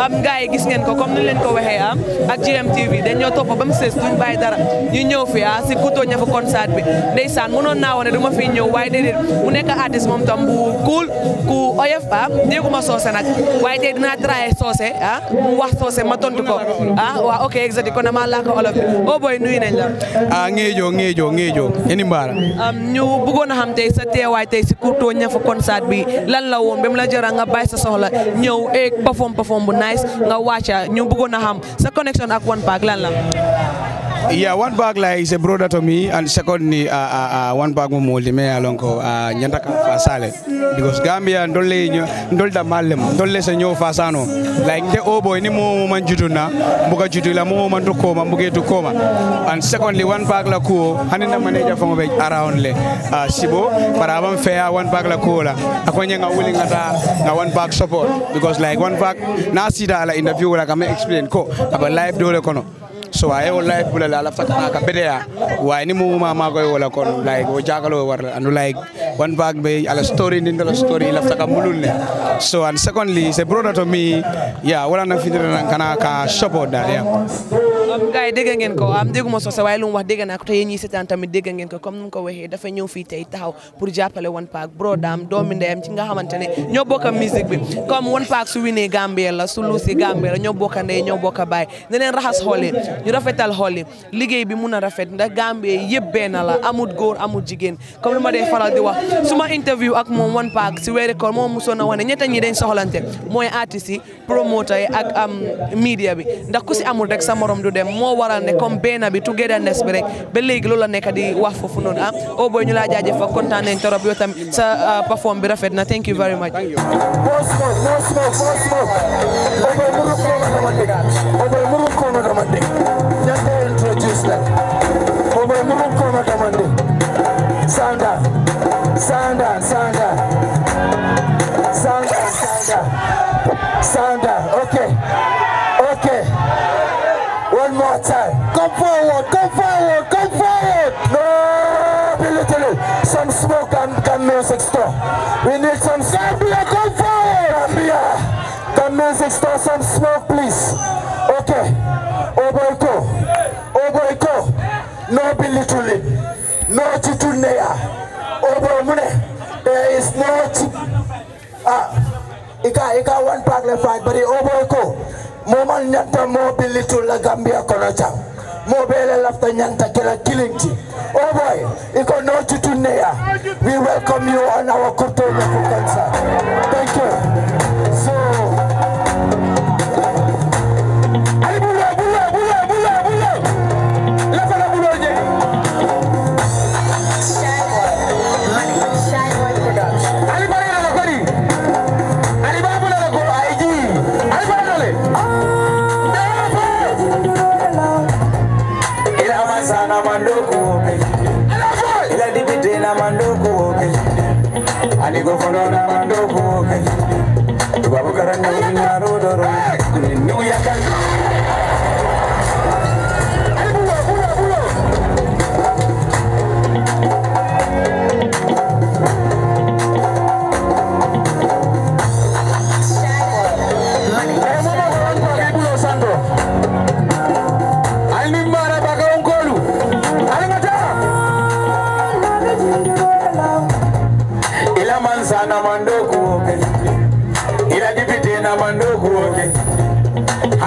am gars yi gis ngeen ko comme ni leen ko waxee am ah, ak GMTV dañ ñoo topp ba mu sës duñ bàyyi dara ñu ñëw fi ah si Kuto Ñafa concert bi ndeysaan mënoon naa wane du ma fi ñëw waaye déedéet mu nekk artiste moom tam bu cool ku oyof ah dégguma soose nag waaye tey dinaa traay soose ah mu wax soose ma tontu ko ah waaw ok exotique kon dama laa ko olof bi oh boy nuyu nañ la. ah Ngejo Ngejo Ngejo eni mbaara. ñu bëggoon a xam tey sa teewaay tey si Kuto Ñafa concert bi lan la woon ba mu la jëra nga bàyyi sa soxla ñëw eh, nice nga wàcca ñu bëggoon a xam sa connection ak One Pac lan la Yeah, one bag like is a brother to me, and secondly, uh, uh, uh, one bag mo moldi me alonko uh, nyanda ka fasale because Gambia ndole nyo ndole da malem ndole se nyo fasano like the obo ni mo man juduna mbuka judula mo man to koma mbuke to koma and secondly one bag la ko na manager from be around le uh, sibo para abam fair one bag la ko la akonya nga willing ata nga one bag support because like one bag na sida ala interview la kama explain ko about life dole kono suwaye wallahi bulala laftatana kam ni wayni mumuma magoye wala kon like wo jakalo warla andu like one bag be a story ndindala story lafta kam mulul ne so and secondly c'est brother to me yeah wala na fidiranan kana ka support dal yeah am ngeen ko am dégguma sose waaye lu mu wax dégg naa ko te yéen ñi tamit dégg ngeen ko comme nu mu ko waxee dafa ñëw fi tey taxaw pour jàppale One Pac brodaam doomi ndeyam ci nga xamante ne ñoo bokka musique bi comme One Pac la su luusi Gambie la ñoo bokka ndey ñoo bokka baay rafetal xol yi liggéey bi mun a rafet ndax Gambie yëpp benn la amut góor amut jigéen comme lu ma dee faral di wax suma interview ak moom One Pac si weeri koor moom mosoon a wane ñetta ñi dañ soxlante mooy artistes yi promoteur yi ak am media bi ndax ku si amul rek sa morom du dem moo waral ne comme benn bi togetherness bi rek ba léegi loolu la nekk di wax foofu noonu ah oh ñu laa jaajëfa kontaan nañ torop yow tam sa ah, perform bi rafet na thank you very much oh kono damande ñande introduce la komo mum kono damande sanda sanda sanda sanda sanda sanda okay okay one more time come forward come forward come forward no belittle some smoke and can music store we need some Zambia. come forward Zambia. can music store some smoke please no belittling, no chituneya. money. there is no chip. Ah, ika ika one pack le fight, but oboko. Moman nyanta mo belittle la Gambia konocha. Mo bele lafta nyanta kila killing Oh boy, iko no chituneya. We welcome you on our Kurto concert. Thank you. na mandoko woke. I dey go follow na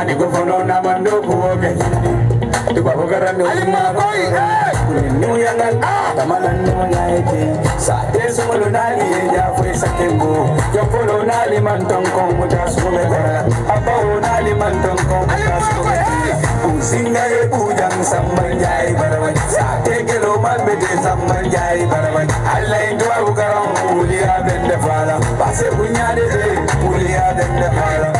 ndikufuna unamando kuwoke tikwavukaranoumakoiamananoyaete satesumalonaliyejafuesatembo yakolonalimantonkomutasukumekora apaonalimantonkomutasukumekora usingaye pujan sambanjayi barawai satekelomambete sambanjayi barawai allainduwavukaran puliya bende fala pase kunyadede puliya bende fala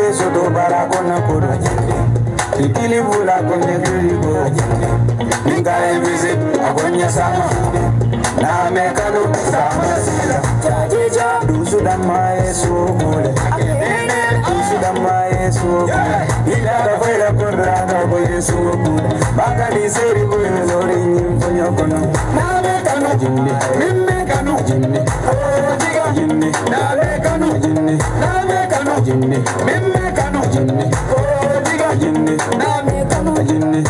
be soto bara kona koro jende Tikili bula kone kiri go jende Nika emizi akonya sama Na mekano sama sila Chajija Dusu dama yesu mule Dusu dama yesu mule Ila da da mule Baka di seri Na mekano jende Mimekano jende Oh jiga jende Na mekano jende Na mekano jinni, mimme kanu jinni, koro diga jinni, nami kanu jinni.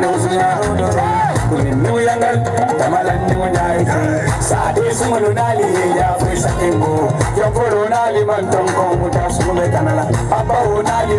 nusuyarudoro kuninnuyangal tamalannunaisi sadesumulunali yafrisakingu yokorunali mantonkomutasume kanala abaunali